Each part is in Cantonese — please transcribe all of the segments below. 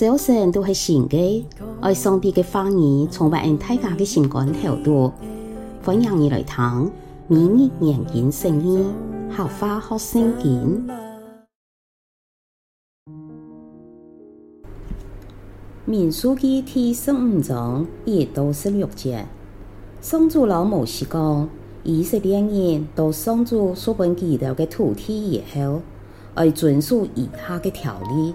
小生都是新嘅，愛上帝嘅方言從的跳到，從萬恩大家的情感調度，歡迎你來聽，明日硬件聲音，好花好聲健。民數記嘅第十五章一到十六節。宋祖老摩西講，以色列人到宋祖所本記錄嘅土地以後，愛遵守以下嘅條例。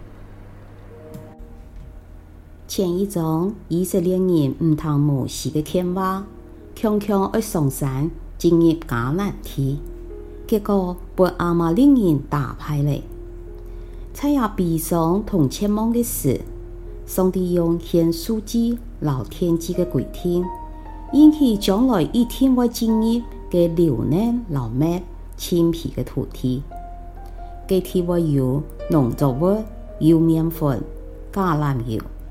前一章以色列人唔聽摩西個話，強強去上山，進入迦南地，結果被亞瑪力人打敗嘞。在阿邊上同前望嘅時，上帝用天樹枝、老天枝嘅規定，引起將來一天我進入嘅嶺南、老麥、青皮的土地，給我有農作物、有麵粉、橄欖油。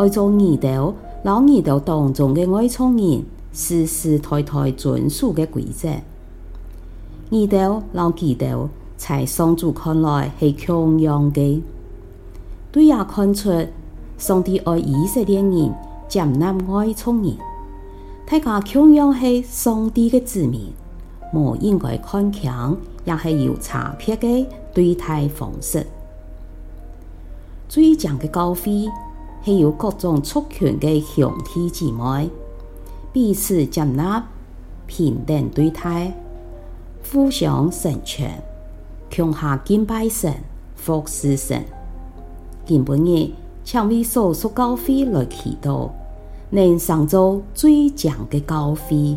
愛做二道，老二道當中嘅愛創人，世世代代遵守嘅規則。二道老忌道，在上主看來是強揚嘅，對也看出上帝愛以色列人，接納愛創人。大家強揚係上帝嘅子民，唔應該看強，也是有差別嘅對待方式。最強嘅高飛。係有各種出拳嘅兄弟姊妹，彼此接納、平等對待、互相成全，強下敬拜神、服事神。今晡日請為所有嘅高飛來祈禱，能創造最強嘅高飛。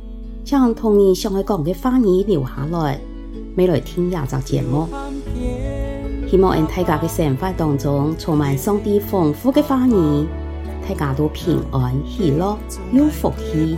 請童我常愛講嘅話語留下來，未來天廿集節目，啊、希望俺大家嘅生活當中充滿上帝豐富嘅話語，大家都平安、喜樂、有福氣。